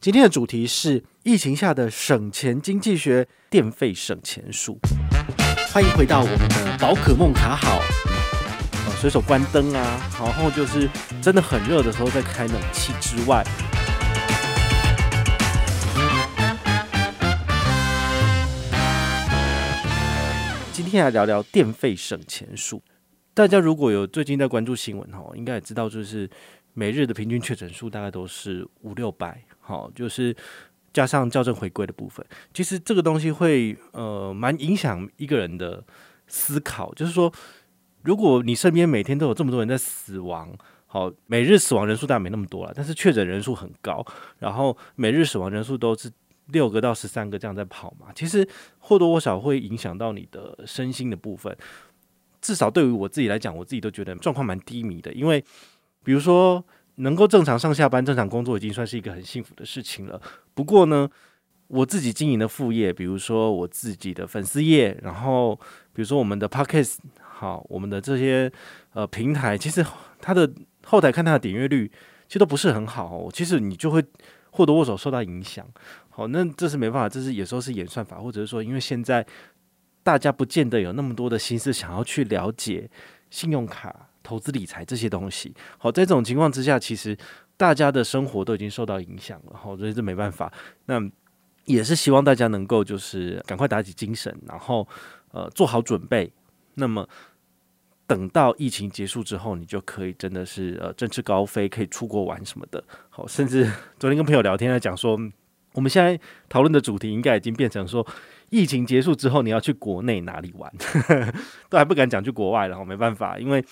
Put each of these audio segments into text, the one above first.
今天的主題是疫情下的省錢經濟學——電費省錢術。歡迎回到我們的寶可孟卡好，隨手關燈啊，然後就是真的很熱的時候再開冷氣之外。今天來聊聊電費省錢術。大家如果有最近在關注新聞哦，應該也知道，就是每日的平均確診數大概都是五六百。好，就是加上校正回歸的部分，其實這個東西會呃蠻影響一個人的思考。就是說，如果你身邊每天都有這麼多人在死亡，好，每日死亡人數當然沒那麼多了，但是確診人數很高，然後每日死亡人數都是六個到十三個這樣在跑嘛，其實或多或少會影響到你的身心的部分。至少對於我自己來講，我自己都覺得狀況蠻低迷的，因為比如說。能夠正常上下班、正常工作，已經算是一個很幸福的事情了。不過呢，我自己經營的副業，比如說我自己的粉絲業，然後比如說我們的 podcast 好，我們的這些呃平台，其實它的後台看它的點閱率，其實都不是很好哦。其實你就會或多或少受到影響。好，那這是沒辦法，這是有時候是演算法，或者是說因為現在大家不見得有那麼多的心思想要去了解信用卡。投資理財這些東西，好，在這種情況之下，其實大家的生活都已經受到影響了，好，所以這沒辦法。那也是希望大家能夠就是趕快打起精神，然後呃做好準備。那麼等到疫情結束之後，你就可以真的是呃振翅高飛，可以出國玩什麼的。好，甚至昨天跟朋友聊天在、啊、講說，我們現在討論的主題應該已經變成說，疫情結束之後你要去國內哪裡玩， 都還不敢講去國外了，然後沒辦法，因為。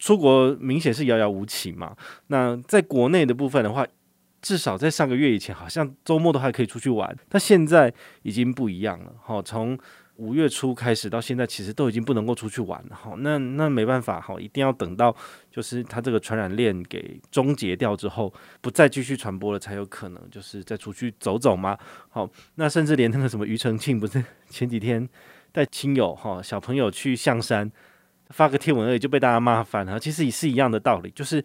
出國明顯是遙遙無期嘛。那在國內的部分的話，至少在上個月以前，好像周末都還可以出去玩。但現在已經不一樣了。好，從五月初開始到現在，其實都已經不能夠出去玩了。好，那那沒辦法，好，一定要等到就是他這個傳染鏈給終結掉之後，不再繼續傳播了，才有可能就是再出去走走嘛。好，那甚至連那個什麼庾澄慶，不是前幾天帶親友哈小朋友去象山。發個貼文而已就被大家罵翻了，其實也是一樣的道理，就是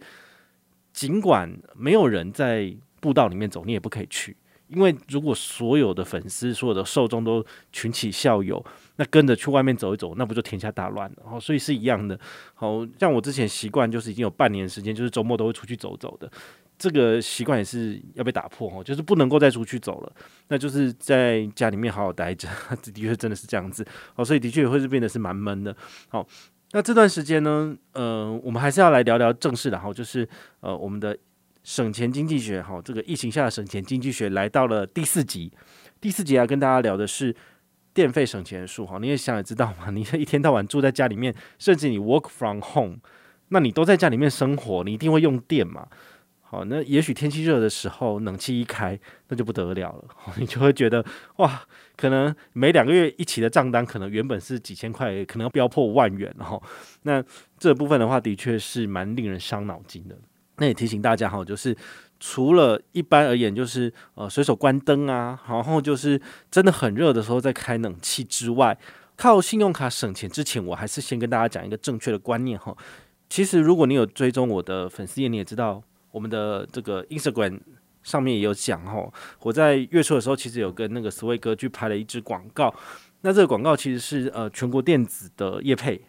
儘管沒有人在步道裡面走，你也不可以去，因為如果所有的粉絲、所有的受眾都群起效尤，那跟着去外面走一走，那不就天下大亂了？哦，所以是一樣的。好像我之前習慣就是已經有半年時間，就是周末都會出去走走的，這個習慣也是要被打破哦，就是不能夠再出去走了，那就是在家裡面好好待着。這的確真的是這樣子哦，所以的確也會是變得是蠻悶的。好、哦。那這段時間呢，嗯、呃，我們還是要來聊聊正事，然後就是呃，我們的省錢經濟學哈，這個疫情下的省錢經濟學來到了第四集。第四集要跟大家聊的是電費省錢術哈。你也想也知道嘛，你一天到晚住在家裡面，甚至你 work from home，那你都在家裡面生活，你一定會用電嘛。好、哦，那也許天氣熱的時候，冷氣一開，那就不得了了。哦、你就會覺得哇，可能每兩個月一起的賬單，可能原本是幾千塊，可能要飆破萬元。哦，那這部分的話，的確是蠻令人傷腦筋的。那也提醒大家哈，就是除了一般而言，就是呃隨手關燈啊，然後就是真的很熱的時候再開冷氣之外，靠信用卡省錢之前，我還是先跟大家講一個正確的觀念哈、哦。其實，如果你有追蹤我的粉絲頁，你也知道。我們的這個 Instagram 上面也有講吼、哦，我在月初的時候其實有跟那個 Sway 哥去拍了一支廣告。那這個廣告其實是呃全國電子的業配，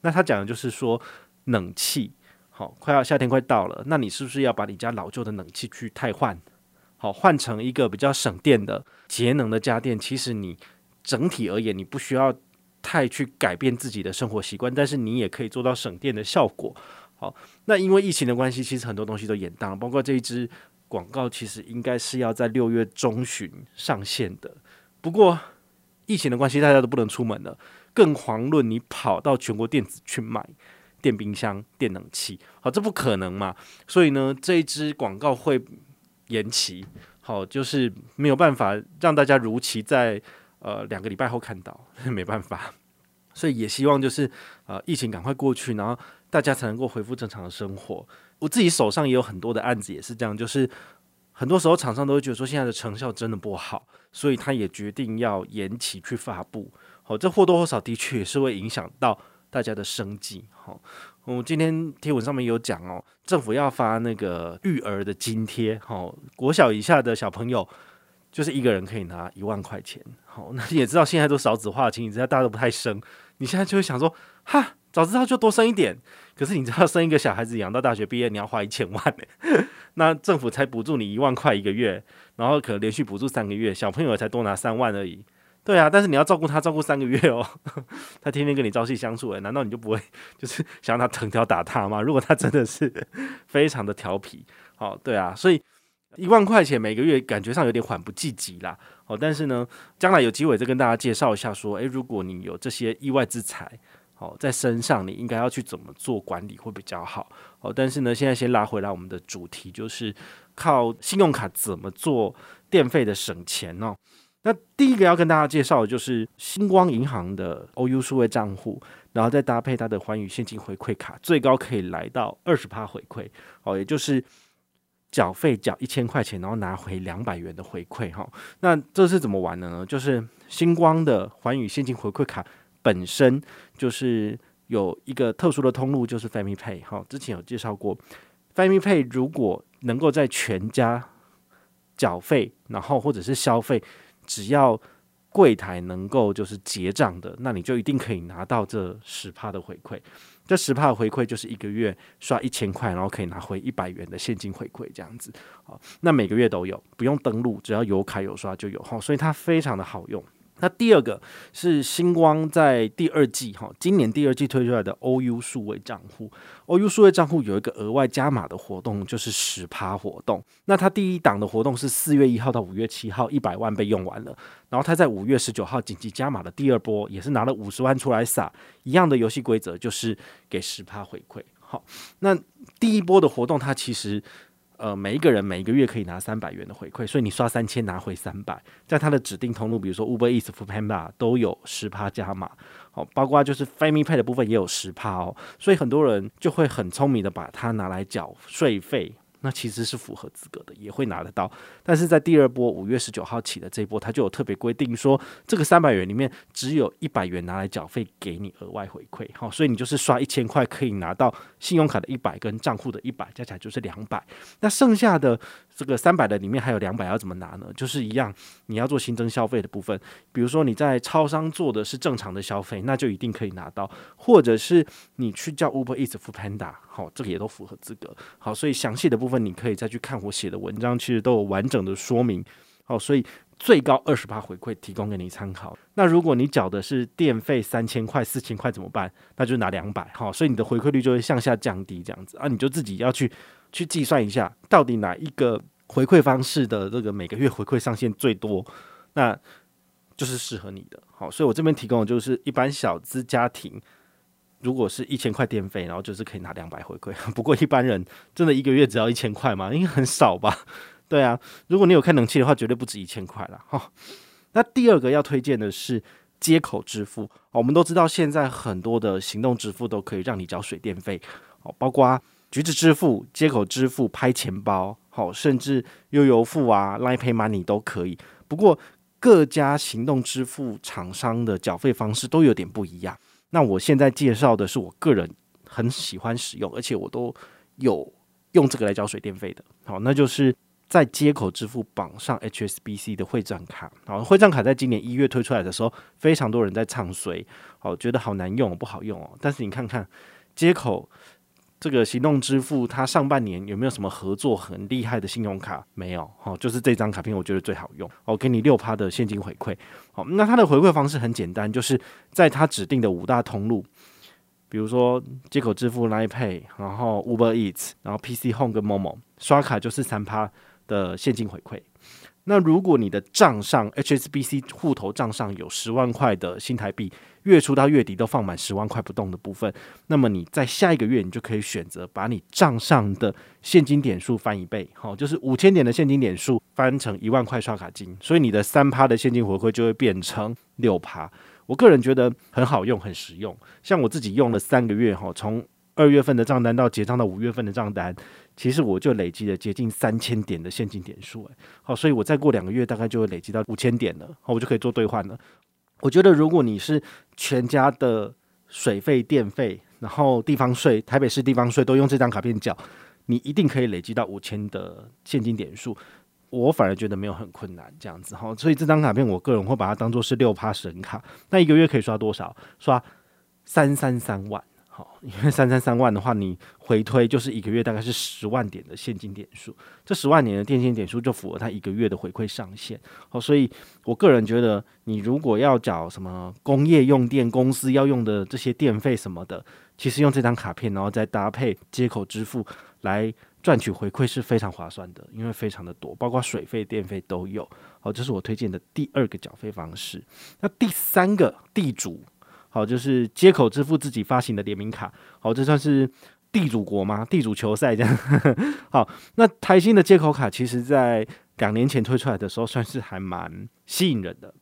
那他講的就是說冷氣，好，快要夏天快到了，那你是不是要把你家老舊的冷氣去汰換？好，換成一個比較省電的節能的家電。其實你整體而言，你不需要太去改變自己的生活習慣，但是你也可以做到省電的效果。好，那因為疫情的關係，其實很多東西都延宕了。包括這一支廣告，其實應該是要在六月中旬上線的。不過疫情的關係，大家都不能出門了，更遑論你跑到全國電子去買電冰箱、電冷氣，好，這不可能嘛。所以呢，這一支廣告會延期，好，就是沒有辦法讓大家如期在呃兩個禮拜後看到，沒辦法。所以也希望就是呃疫情趕快過去，然後。大家才能夠恢復正常的生活。我自己手上也有很多的案子，也是這樣，就是很多時候廠商都會覺得說現在的成效真的不好，所以他也決定要延期去發布。好、哦，這或多或少的確是會影響到大家的生計。好、哦，我、嗯、們今天貼文上面有講哦，政府要發那個育兒的津貼。好、哦，國小以下的小朋友就是一個人可以拿一萬塊錢。好、哦，那你也知道現在都少子化，經濟現在大家都不太生，你現在就會想說，哈。早知道就多生一點，可是你知道生一個小孩子養到大學畢業，你要花一千萬呢、欸。那政府才補助你一萬塊一個月，然後可能連續補助三個月，小朋友才多拿三萬而已。對啊，但是你要照顧他，照顧三個月哦、喔，他天天跟你朝夕相處、欸，誒，難道你就不會就是想讓他藤條打他嗎？如果他真的是非常的調皮，好對啊，所以一萬塊錢每個月感覺上有點緩不濟急啦。好，但是呢，將來有機會再跟大家介紹一下，說，誒、欸，如果你有這些意外之財。哦，在身上你應該要去怎麼做管理會比較好哦。但是呢，現在先拉回來我們的主題，就是靠信用卡怎麼做電費的省錢哦，那第一個要跟大家介紹的就是新光銀行的 OU 數位賬戶然後再搭配它的寰宇現金回饋卡，最高可以來到二十趴回饋哦，也就是繳費繳一千塊錢，然後拿回兩百元的回饋。好，那這是怎麼玩的呢？就是新光的寰宇現金回饋卡。本身就是有一個特殊的通路，就是 Family Pay。之前有介紹過，Family Pay 如果能夠在全家繳費，然後或者是消費，只要櫃檯能夠就是結賬的，那你就一定可以拿到這十趴的回饋。這十趴的回饋就是一個月刷一千塊，然後可以拿回一百元的現金回饋，這樣子。好，那每個月都有，不用登錄，只要有卡有刷就有。所以它非常的好用。那第二個是新光在第二季哈，今年第二季推出來的 O U 數位賬戶，O U 數位賬戶有一個額外加碼的活動，就是十趴活動。那它第一檔的活動是四月一號到五月七號，一百萬被用完了，然後它在五月十九號緊急加碼的第二波，也是拿了五十萬出來撒，一樣的遊戲規則，就是給十趴回饋。好，那第一波的活動它其實。呃，每一個人每一個月可以拿三百元的回饋，所以你刷三千拿回三百，在他的指定通路，比如說 Uber Eats、Foodpanda 都有十趴加碼，好，哦，包括就是 Family Pay 的部分也有十趴哦，所以很多人就會很聰明的把它拿來繳稅費。那其實是符合資格的，也會拿得到。但是在第二波五月十九號起的這一波，它就有特別規定，說這個三百元裡面只有一百元拿來繳費給你額外回饋，好，所以你就是刷一千塊可以拿到信用卡的一百跟賬戶的一百，加起來就是兩百。那剩下的。這個三百的裡面還有兩百要怎麼拿呢？就是一樣，你要做新增消費的部分，比如說你在超商做的是正常的消費，那就一定可以拿到，或者是你去叫 Uber Eats、Foodpanda，好、哦，這個也都符合資格。好，所以詳細的部分你可以再去看我寫的文章，其實都有完整的說明。好、哦，所以。最高二十%回饋，提供給你參考。那如果你繳的是電費三千塊、四千塊怎麼辦？那就拿兩百。好，所以你的回饋率就會向下降低，這樣子啊，你就自己要去去計算一下，到底哪一個回饋方式的這個每個月回饋上限最多，那就是適合你的。好，所以我這邊提供的就是一般小資家庭，如果是一千塊電費，然後就是可以拿兩百回饋。不過一般人真的一個月只要一千塊嗎？應該很少吧？對啊，如果你有開冷氣的話，絕對不止一千塊了哈、哦。那第二個要推薦的是街口支付、哦。我們都知道，現在很多的行動支付都可以讓你繳水電費，哦、包括啊，橘子支付、街口支付、拍錢包，好、哦，甚至悠遊付啊、LINE Pay money 都可以。不過各家行動支付廠商的繳費方式都有點不一樣。那我現在介紹的是我個人很喜歡使用，而且我都有用這個來繳水電費的，好、哦，那就是。在街口支付綁上 HSBC 的會賬卡，然後會賬卡在今年一月推出來的時候，非常多人在唱衰，哦，覺得好難用，不好用哦。但是你看看街口這個行動支付，它上半年有沒有什麼合作很厲害的信用卡？沒有，好，就是這張卡片，我覺得最好用，哦，給你六趴的現金回饋，好，那它的回饋方式很簡單，就是在它指定的五大通路，比如說街口支付、Line Pay，然後 Uber Eats，然後 PC Home 跟 Momo 刷卡就是三趴。的現金回饋，那如果你的賬上 HSBC 戶頭賬上有十萬塊的新台幣，月初到月底都放滿十萬塊不動的部分，那麼你在下一個月，你就可以選擇把你賬上的現金點數翻一倍，好，就是五千點的現金點數翻成一萬塊刷卡金，所以你的三趴的現金回饋就會變成六趴。我個人覺得很好用，很實用。像我自己用了三個月，哈，從二月份的賬單到結賬到五月份的賬單。其實我就累積了接近三千點的現金點數，好，所以我再過兩個月大概就會累積到五千點了，好，我就可以做兌換了。我覺得如果你是全家的水費、電費，然後地方稅、台北市地方稅都用這張卡片繳，你一定可以累積到五千的現金點數。我反而覺得沒有很困難這樣子哈，所以這張卡片我個人會把它當做是六趴神卡，那一個月可以刷多少？刷三三三萬。好，因為三三三萬的話，你回推就是一個月大概是十萬點的現金點數，這十萬點的電信點數就符合它一個月的回饋上限。好，所以我個人覺得，你如果要找什麼工業用電公司要用的這些電費什麼的，其實用這張卡片，然後再搭配街口支付來賺取回饋是非常划算的，因為非常的多，包括水費、電費都有。好，這是我推薦的第二個繳費方式。那第三個地主。好，就是街口支付自己發行的聯名卡。好，這算是地主國嗎？地主球賽這樣。 好，那台新的街口卡，其實，在兩年前推出來的時候，算是還蠻吸引人的。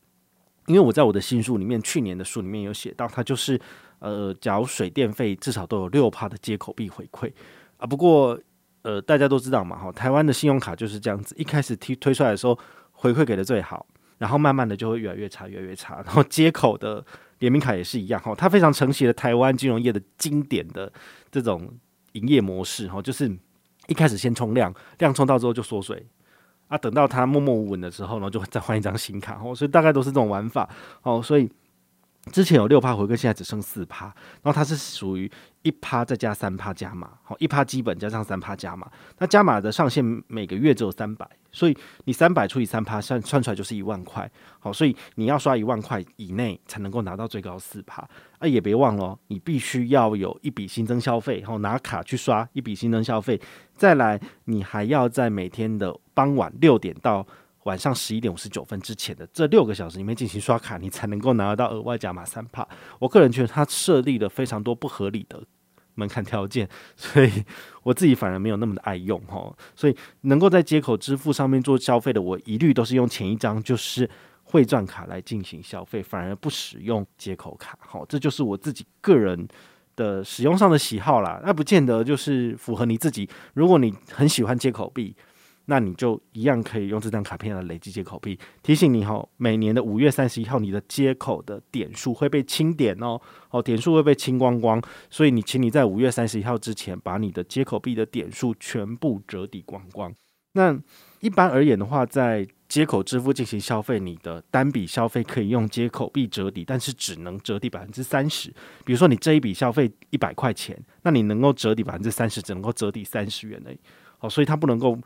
因為我在我的新書裡面，去年的書裡面有寫到，它就是，呃，繳水電費至少都有六趴的街口幣回饋啊。不過，呃，大家都知道嘛，哈，台灣的信用卡就是這樣子。一開始推推出來的時候，回饋給的最好，然後慢慢的就會越來越差，越來越差。然後街口的。聯名卡也是一樣哈，它非常承襲了台灣金融業的經典的這種營業模式哈，就是一開始先衝量，量衝到之後就縮水，啊，等到它默默無聞的時候呢，就會再換一張新卡哦，所以大概都是這種玩法哦，所以。之前有六趴回饋，現在只剩四趴。然後它是屬於一趴再加三趴加碼，好，一趴基本加上三趴加碼。那加碼的上限每個月只有三百，所以你三百除以三趴算算出來就是一萬塊。好，所以你要刷一萬塊以內才能夠拿到最高四趴。那也別忘了，你必須要有一筆新增消費，然後拿卡去刷一筆新增消費。再來，你還要在每天的傍晚六點到。晚上十一點五十九分之前的這六個小時裡面進行刷卡，你才能夠拿得到額外加碼三趴。我個人覺得它設立了非常多不合理的門檻條件，所以我自己反而沒有那麼的愛用哈。所以能夠在街口支付上面做消費的，我一律都是用前一張就是匯鑽卡來進行消費，反而不使用街口卡。好，這就是我自己個人的使用上的喜好啦，那不見得就是符合你自己。如果你很喜歡街口幣。那你就一樣可以用這張卡片來累積街口幣。提醒你哦、喔，每年的五月三十一號，你的街口的點數會被清點哦，哦，點數會被清光光。所以你請你在五月三十一號之前，把你的街口幣的點數全部折抵光光。那一般而言的話，在街口支付進行消費，你的單筆消費可以用街口幣折抵，但是只能折抵百分之三十。比如說你這一筆消費一百塊錢，那你能夠折抵百分之三十，只能夠折抵三十元而已。哦，所以它不能夠。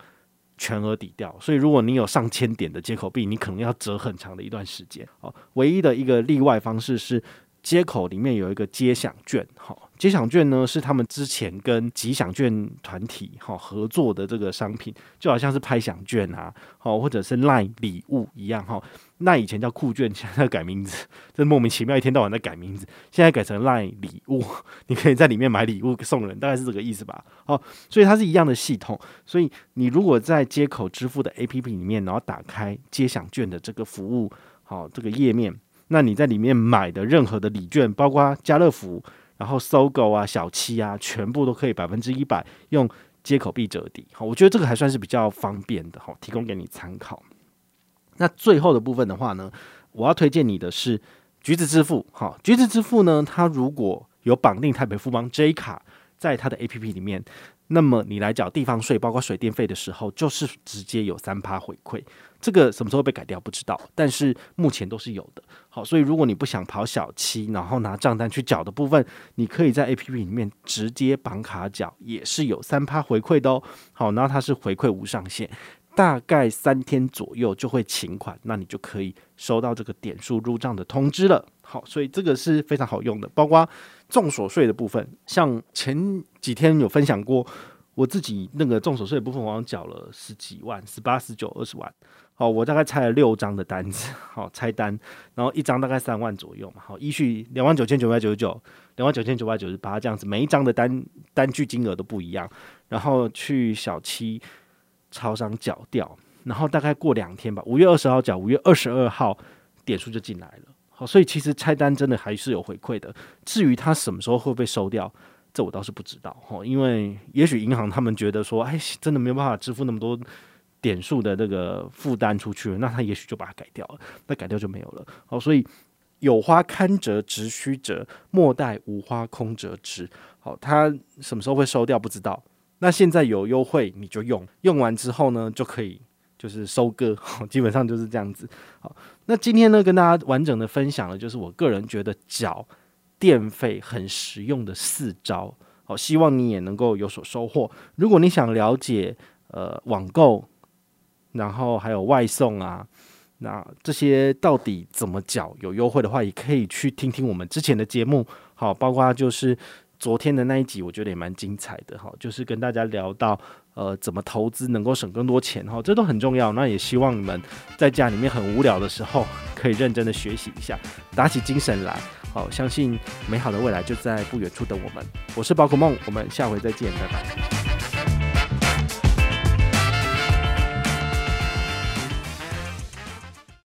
全額抵掉，所以如果你有上千點的街口幣，你可能要折很長的一段時間。哦，唯一的一個例外方式是，街口裡面有一個街享券。哈，街享券呢，是他們之前跟吉祥券團體哈合作的這個商品，就好像是拍享券啊，好或者是 LINE 禮物一樣。哈。那以前叫酷券，現在在改名字，這莫名其妙，一天到晚在改名字。現在改成 LINE 禮物，你可以在裡面買禮物送人，大概是這個意思吧。好，所以它是一樣的系統。所以你如果在接口支付的 APP 裡面，然後打開接享券的這個服務，好，這個頁面，那你在裡面買的任何的禮券，包括家樂福，然後 SOGO 啊、小七啊，全部都可以百分之一百用接口幣折抵。好，我覺得這個還算是比較方便的。好，提供給你參考。那最後的部分的話呢，我要推薦你的是橘子支付。好，橘子支付呢，它如果有綁定台北富邦 J 卡，在它的 APP 裡面，那麼你來繳地方稅，包括水電費的時候，就是直接有三趴回饋。這個什麼時候被改掉不知道，但是目前都是有的。好，所以如果你不想跑小七，然後拿賬單去繳的部分，你可以在 APP 裡面直接綁卡繳，也是有三趴回饋的哦。好，然後它是回饋無上限。大概三天左右就會請款，那你就可以收到這個點數入賬的通知了。好，所以這個是非常好用的，包括綜所稅的部分，像前幾天有分享過，我自己那個綜所稅的部分，我好像繳了十幾萬，十八、十九、二十萬。好，我大概拆了六張的單子，好拆單，然後一張大概三萬左右，好，依序兩萬九千九百九十九，兩萬九千九百九十八這樣子，每一張的單單據金額都不一樣，然後去小七。超商繳掉，然後大概過兩天吧，五月二十號繳，五月二十二號點數就進來了。好，所以其實拆單真的還是有回饋的。至於他什麼時候會被收掉，這我倒是不知道。哈，因為也許銀行他們覺得說，哎，真的沒有辦法支付那麼多點數的那個負擔出去，那他也許就把它改掉了。那改掉就沒有了。好，所以有花堪折直須折，莫待無花空折枝。好，他什麼時候會收掉，不知道。那現在有優惠你就用，用完之後呢就可以就是收割，好，基本上就是這樣子。好，那今天呢跟大家完整的分享了，就是我個人覺得繳電費很實用的四招。好，希望你也能夠有所收穫。如果你想了解呃網購，然後還有外送啊，那這些到底怎麼繳？有優惠的話也可以去聽聽我們之前的節目。好，包括就是。昨天的那一集，我覺得也蠻精彩的哈，就是跟大家聊到，呃，怎麼投資能夠省更多錢哈，這都很重要。那也希望你們在家裡面很無聊的時候，可以認真的學習一下，打起精神來，好，相信美好的未來就在不遠處等我們。我是寶可孟，我們下回再見，拜拜。